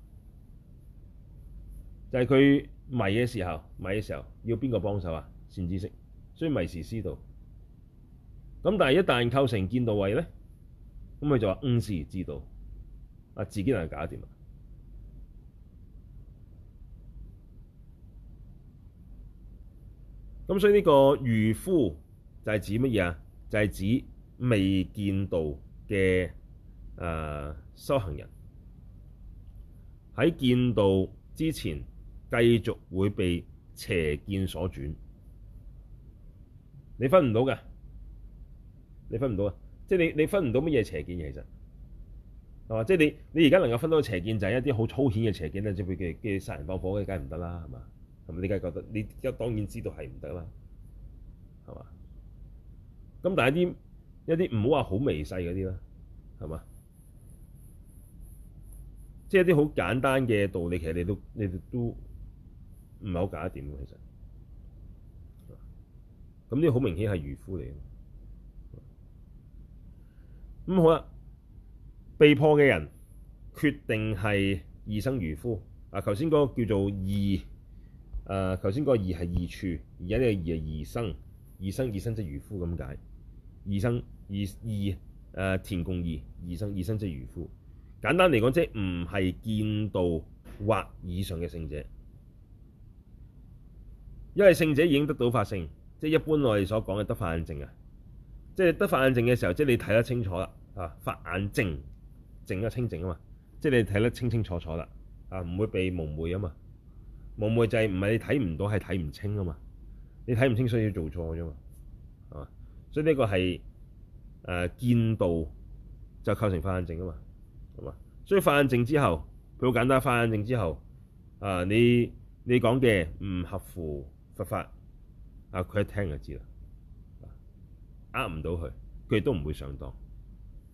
就係、是、佢迷嘅時候，迷嘅時候要邊個幫手啊？善知識，所以迷時師度。咁但係一旦構成見道位咧，咁佢就話悟時自度。啊，自己能搞掂啊？咁所以呢個愚夫就係指乜嘢？啊就係、是、指。未見道嘅誒修行人喺見道之前，繼續會被邪見所轉，你分唔到嘅，你分唔到啊！即係你你分唔到乜嘢邪見嘅，其實係嘛？即係你你而家能夠分到邪見就係一啲好粗顯嘅邪見啦，即係譬如譬如殺人放火嗰啲梗係唔得啦，係嘛？係咪你梗係覺得你而家當然知道係唔得啦，係嘛？咁但係啲一啲唔好話好微細嗰啲啦，係嘛？即係一啲好簡單嘅道理，其實你都你都唔係好搞得掂其實。咁呢好明顯係愚夫嚟嘅。咁好啦，被破嘅人決定係異生愚夫。啊，頭先嗰個叫做異。誒、啊，頭先嗰異係異處，而家呢個異係異生，異生異生即係愚夫咁解，異生。二二誒田共二二生二生即愚夫，簡單嚟講，即唔係見道或以上嘅聖者，因為聖者已經得到法性，即一般我哋所講嘅得法眼淨啊，即得法眼淨嘅時候，即你睇得清楚啦啊，法眼淨，淨得清淨啊嘛，即你睇得清清楚楚啦啊，唔會被蒙昧啊嘛，蒙昧就係唔係你睇唔到，係睇唔清啊嘛，你睇唔清所以要做錯啫嘛，係、啊、嘛，所以呢個係。誒、啊、見道就構成法眼淨噶嘛，係嘛？所以法眼淨之後，佢好簡單。法眼淨之後，啊你你講嘅唔合乎佛法，啊佢一聽就知啦，呃唔到佢，佢都唔會上當。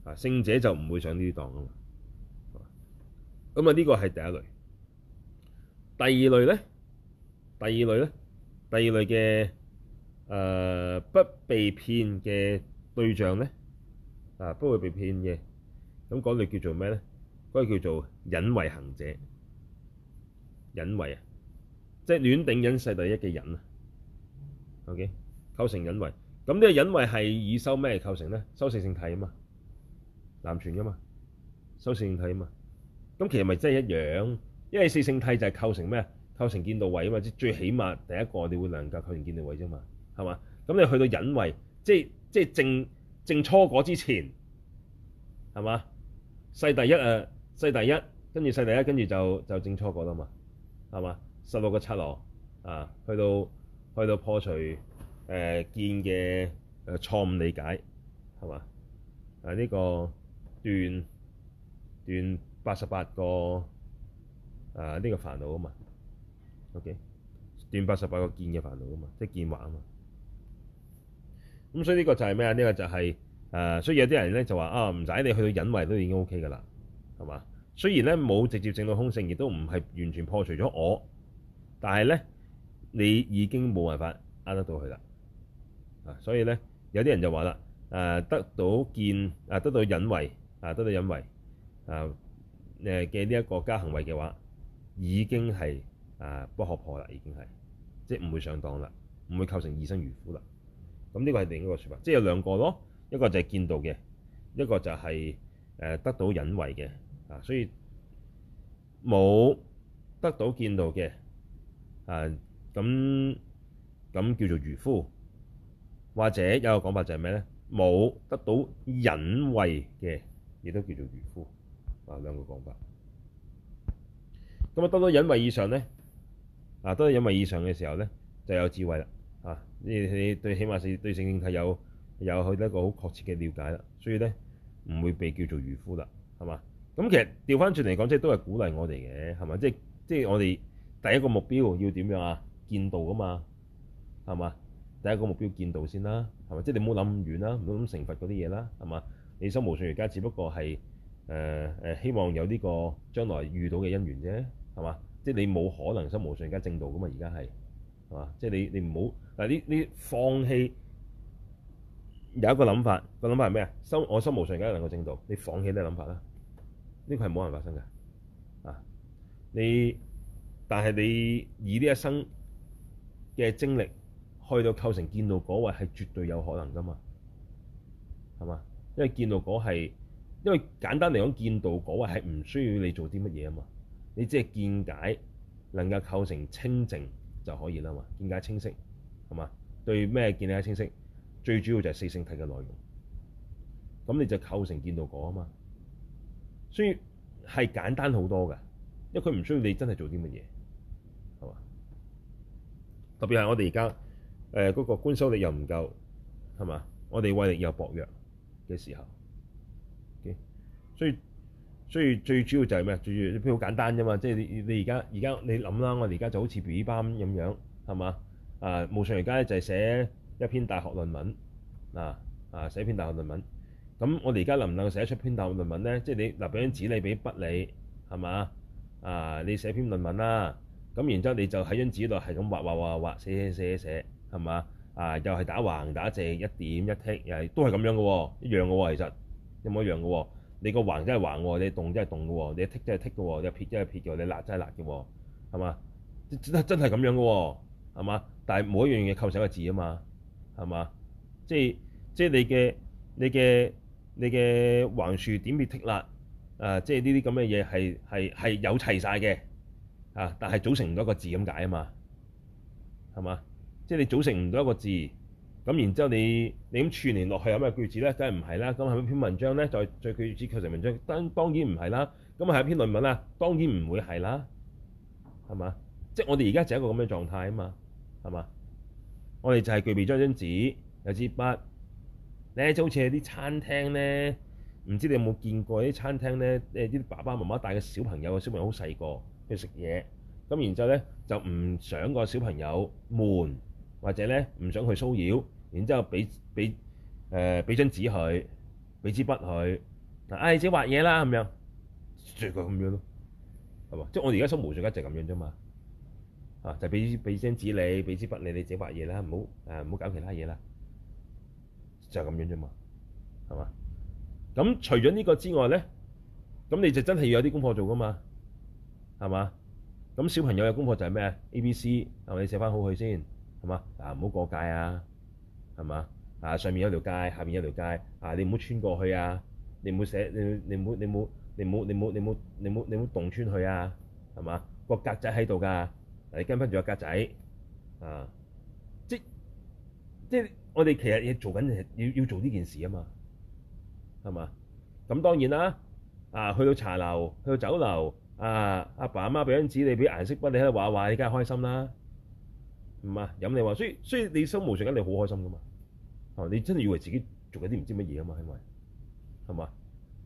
啊聖者就唔會上呢啲當噶嘛。咁啊呢個係第一類，第二類咧，第二類咧，第二類嘅誒、呃、不被騙嘅對象咧。啊，不會被騙嘅。咁講嘅叫做咩咧？嗰、那個叫做忍位行者，忍位啊，即係煖頂忍世第一嘅忍啊。OK，構成忍位。咁呢個忍位係以修咩構成咧？修四聖諦啊嘛，南傳噶嘛，修四聖諦啊嘛。咁其實咪真係一樣，因為四聖諦就係構成咩？構成見道位啊嘛，即最起碼第一個，你哋會能夠構成見道位啫嘛，係嘛？咁你去到忍位，即係即係正。正初果之前，係嘛？世第一啊，世第一，跟住世第一，跟住就就正初果啦嘛，係嘛？十六個七羅啊，去到去到破除誒見嘅錯誤理解，係、啊呢個啊呢個、嘛？誒、okay? 呢個斷斷八十八個誒呢個煩惱啊嘛，OK？斷八十八個見嘅煩惱啊嘛，即見惑啊嘛。咁、嗯、所以呢個就係咩啊？呢、這個就係、是、誒、呃，所以有啲人咧就話啊，唔、哦、使你去到忍位都已經 OK 㗎啦，係嘛？雖然咧冇直接證到空性，亦都唔係完全破除咗我，但係咧你已經冇辦法呃得到佢啦。啊，所以咧有啲人就話啦，誒、啊、得到見啊，得到忍位啊，得到忍位啊誒嘅呢一個加行位嘅話，已經係啊不可破啦，已經係即係唔會上當啦，唔會構成異生愚夫啦。咁呢個係另一個説法，即係兩個咯，一個就係見道嘅，一個就係誒得到忍位嘅，啊，所以冇得到見道嘅，啊，咁咁叫做愚夫，或者有個講法就係咩咧？冇得到忍位嘅，亦都叫做愚夫，啊，兩個講法。咁啊，得到忍位以上咧，啊，得到忍位以上嘅時候咧，就有智慧啦。啊！你你對，起碼是對聖經體有有佢一個好確切嘅了解啦，所以咧唔會被叫做愚夫啦，係嘛？咁其實調翻轉嚟講，即係都係鼓勵我哋嘅，係嘛？即係即係我哋第一個目標要點樣啊？見道噶嘛，係嘛？第一個目標見道先啦，係嘛？即係你唔好諗咁遠啦，唔好諗成佛嗰啲嘢啦，係嘛？你修無上瑜伽只不過係誒誒希望有呢個將來遇到嘅因緣啫，係嘛？即係你冇可能修無上瑜伽正道噶嘛，而家係。即係你，你唔好嗱呢呢放棄，有一個諗法，個諗法係咩啊？心我心無上而家能夠正道，你放棄呢個諗法啦，呢個係冇可能發生嘅啊！你但係你以呢一生嘅精力去到構成見到嗰位，係絕對有可能㗎嘛？係嘛？因為見到嗰位係因為簡單嚟講，見到嗰位係唔需要你做啲乜嘢啊嘛。你只係見解能夠構成清淨。就可以啦嘛，見解清晰，係嘛？對咩見解清晰？最主要就係四聖諦嘅內容，咁你就構成見道果啊嘛。所以係簡單好多嘅，因為佢唔需要你真係做啲乜嘢，係嘛？特別係我哋而家誒嗰個觀修力又唔夠，係嘛？我哋慧力又薄弱嘅時候，okay? 所以。所以最主要就係咩？最主要呢篇好簡單啫嘛，即係你你而家而家你諗啦，我哋而家就好似 B 班咁樣係嘛啊？無上而家就係寫一篇大學論文嗱啊，寫一篇大學論文。咁我哋而家能唔能夠寫出篇大學論文咧？即係你嗱，俾張紙你，俾筆你係嘛啊？你寫篇論文啦。咁然之後你就喺張紙度係咁畫畫畫畫寫寫寫寫係嘛啊？又係打橫打正一點一剔，又係都係咁樣嘅喎，一樣嘅喎，其實一模一樣嘅喎。你個橫真係橫喎，你棟真係棟嘅喎，你一剔真係剔嘅喎，你撇真係撇嘅喎，你捺真係捺嘅喎，係嘛？真係咁樣嘅喎，係嘛？但係每一樣嘢構成一個字啊嘛，係嘛？即係即係你嘅你嘅你嘅橫豎點撇捺啊，即係呢啲咁嘅嘢係係係有齊晒嘅啊，但係組成唔到一個字咁解啊嘛，係嘛？即係你組成唔到一個字。咁然之後你，你你咁串連落去有咩句子咧？梗係唔係啦？咁係咪篇文章咧？再再句子構成文章，當當然唔係啦。咁係一篇論文啦，當然唔會係啦，係嘛？即係我哋而家就一個咁嘅狀態啊嘛，係嘛？我哋就係具備咗張紙、有支筆咧，就好似啲餐廳咧，唔知你有冇見過啲餐廳咧？誒啲爸爸媽媽帶嘅小朋友，小朋友好細個，去食嘢，咁然之後咧就唔想個小朋友悶，或者咧唔想去騷擾。然之後，俾俾誒俾張紙佢，俾支筆佢，嗱、啊，唉，自己畫嘢啦，咁樣，即佢咁樣咯，係嘛？即係我而家所無償嘅就係咁樣啫嘛，啊，就俾俾張紙你，俾支筆，筆你，你自己畫嘢啦，唔好唔好搞其他嘢啦，就係咁樣啫嘛，係嘛？咁除咗呢個之外咧，咁你就真係要有啲功課做噶嘛，係嘛？咁小朋友嘅功課就係咩啊？A、B、C 係咪？你寫翻好佢先，係嘛？嗱，唔好過界啊！係嘛？啊，上面有條街，下面有條街。啊，你唔好穿過去啊！你唔好寫，你你唔好，你唔好，你唔好，你唔好，你唔好，你唔好，你唔好，你唔好動穿去啊！係嘛？個格仔喺度㗎，你跟翻住個格仔。啊，即即係我哋其實做要,要做緊，要要做呢件事啊嘛。係嘛？咁當然啦。啊，去到茶樓，去到酒樓，啊，阿爸阿媽俾張紙，你俾顏色筆，你喺度畫畫，你梗係開心啦。唔啊，飲你話，所以所以你修無上根，你好開心噶嘛？你真係以為自己做緊啲唔知乜嘢啊嘛？係咪？係嘛？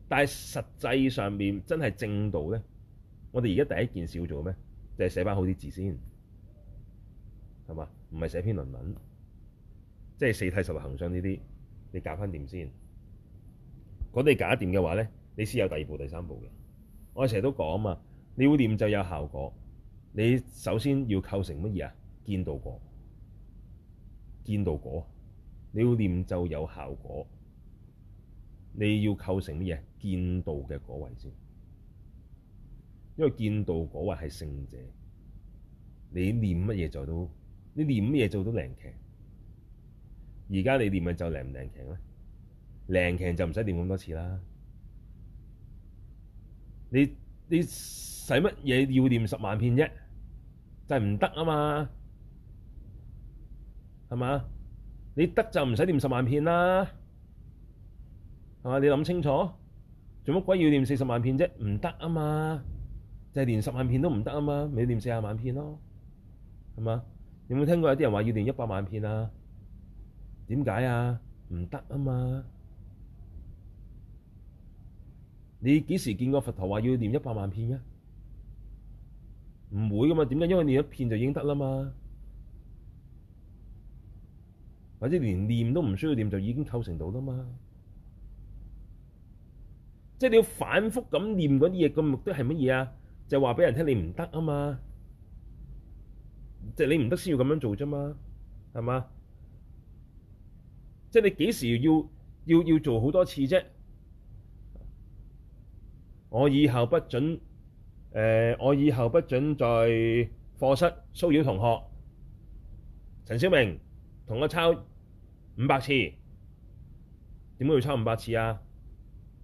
但係實際上面真係正道咧，我哋而家第一件事要做咩？就係寫翻好啲字先，係嘛？唔係寫篇論文，即係四體十行上呢啲，你搞翻掂先。如果你搞掂嘅話咧，你先有第二步第三步嘅。我成日都講啊嘛，你要念就有效果，你首先要構成乜嘢啊？見到過，見到果，你要念就有效果，你要構成乜嘢？見到嘅果位先，因為見到果位係聖者，你念乜嘢做到？你念乜嘢做到靈強？而家你念咪就靈唔靈強咧？靈強就唔使念咁多次啦。你你使乜嘢要念十萬遍啫？就係唔得啊嘛！係嘛？你得就唔使念十萬片啦，係嘛？你諗清楚，做乜鬼要念四十萬片啫？唔得啊嘛，就係連十萬片都唔得啊嘛，你念四十萬片咯，係嘛？有冇聽過有啲人話要念一百萬片啊？點解啊？唔得啊嘛！你幾時見過佛陀話要念一百萬片嘅？唔會噶嘛？點解？因為念一片就已經得啦嘛。或者連念都唔需要念就已經構成到啦嘛，即係你要反覆咁念嗰啲嘢，個目的係乜嘢啊？就話俾人聽你唔得啊嘛，即係你唔得先要咁樣做啫嘛，係嘛？即係你幾時要要要做好多次啫？我以後不準誒、呃，我以後不準在課室騷擾同學，陳小明。同我抄五百次，點解要抄五百次啊？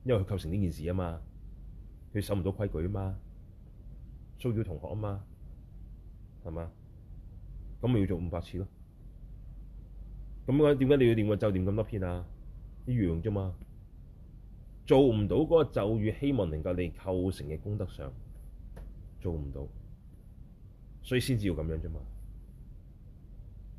因為佢構成呢件事啊嘛，佢守唔到規矩啊嘛，騷擾同學啊嘛，係嘛？咁咪要做五百次咯。咁樣點解你要練個咒念咁多篇啊？一樣啫嘛。做唔到嗰個咒語，希望能夠你構成嘅功德上做唔到，所以先至要咁樣啫嘛。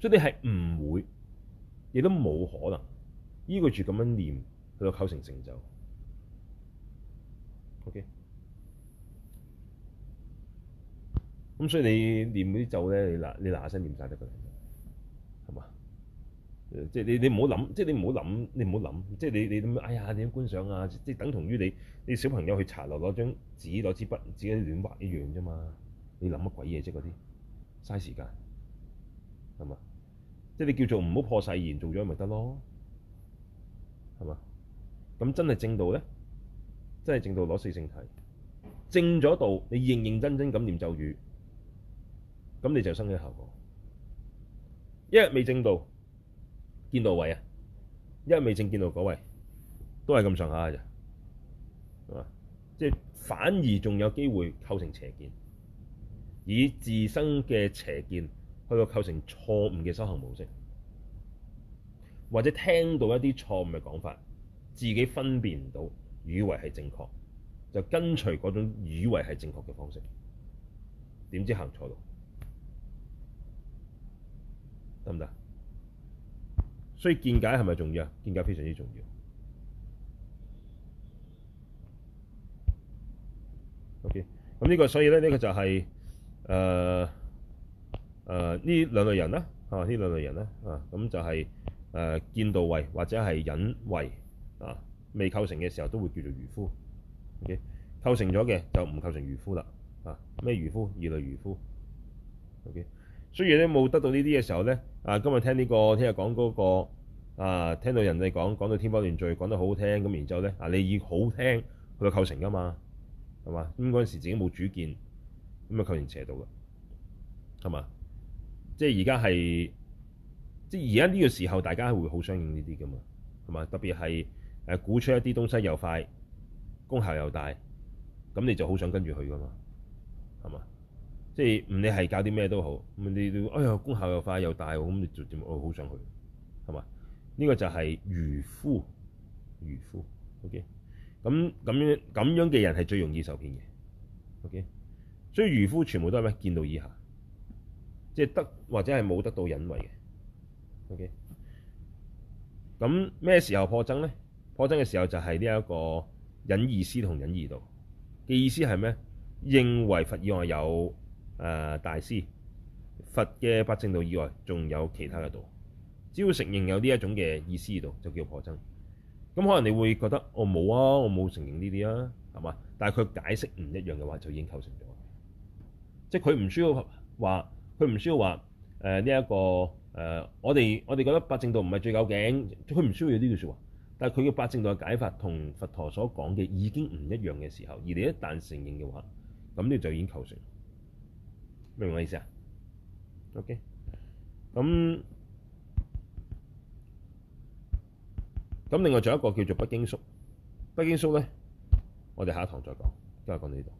所以你係唔會，亦都冇可能依個住咁樣念佢就構成成就。OK。咁所以你念嗰啲咒咧，你嗱你嗱聲念晒得嘅啦，係嘛？即係你你唔好諗，即係你唔好諗，你唔好諗，即係你你點啊？哎呀，點觀想啊？即係等同於你你小朋友去茶樓攞張紙，攞支筆自己亂畫一樣啫嘛。你諗乜鬼嘢啫嗰啲？嘥時間係嘛？即係你叫做唔好破誓言，做咗咪得咯，係嘛？咁真係正道咧，真係正道攞四聖諦，正咗道，道，你認認真真咁念咒語，咁你就生起效果。一日未正道，見到位啊！一日未正見到嗰位，都係咁上下嘅啫，係嘛？即係反而仲有機會構成邪見，以自身嘅邪見。佢個構成錯誤嘅修行模式，或者聽到一啲錯誤嘅講法，自己分辨唔到，以為係正確，就跟隨嗰種以為係正確嘅方式，點知行錯路，得唔得？所以見解係咪重要啊？見解非常之重要。O.K.，咁呢個所以咧，呢、呢個就係、係、誒。呃誒呢兩類人啦，嚇呢兩類人啦，啊咁就係、是、誒、呃、見道位或者係忍位啊，未構成嘅時候都會叫做愚夫。O.K. 構成咗嘅就唔構成愚夫啦。啊咩愚夫二類愚夫。O.K. 雖然咧冇得到呢啲嘅時候咧，啊今日聽呢、這個聽日講嗰個啊，聽到人哋講講到天花亂墜，講得好好聽咁，然之後咧啊，你以好聽去到構成噶嘛，係嘛？咁嗰陣時自己冇主見，咁啊構成邪道啦，係嘛？即係而家係，即係而家呢個時候，大家係會好相應呢啲噶嘛，係嘛？特別係誒，鼓吹一啲東西又快，功效又大，咁你就好想跟住去噶嘛，係嘛？即係唔理係搞啲咩都好，咁你都哎呀，功效又快又大，咁你就點？我好想去，係嘛？呢、這個就係愚夫，愚夫，OK，咁咁咁樣嘅人係最容易受騙嘅，OK，所以愚夫全部都係咩？見道以下。即係得或者係冇得到忍位嘅，OK。咁咩時候破僧咧？破僧嘅時候就係呢一個忍異師同忍異道嘅意思係咩？認為佛以外有、呃、大師，佛嘅八正道以外仲有其他嘅道。只要承認有呢一種嘅異師道，就叫破僧。咁可能你會覺得我冇、哦、啊，我冇承認呢啲啊，係嘛？但佢解釋唔一樣嘅話，就已經構成咗。即係佢唔需要話。佢唔需要話誒呢一個誒、呃，我哋我哋覺得八正道唔係最究竟，佢唔需要呢句嘅説話。但係佢嘅八正道嘅解法同佛陀所講嘅已經唔一樣嘅時候，而你一旦承認嘅話，咁你就已經構成了。明唔明我意思啊？OK。咁咁另外仲有一個叫做不經宿。不經宿咧，我哋下一堂再講。今日講到呢度。